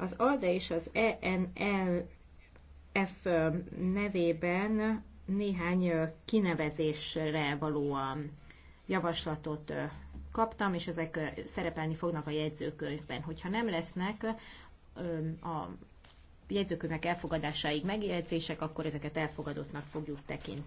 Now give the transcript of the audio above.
Az ALDE és az ENLF nevében néhány kinevezésre valóan javaslatot kaptam, és ezek szerepelni fognak a jegyzőkönyvben. Hogyha nem lesznek a jegyzőkönyvek elfogadásáig megjegyzések, akkor ezeket elfogadottnak fogjuk tekinteni.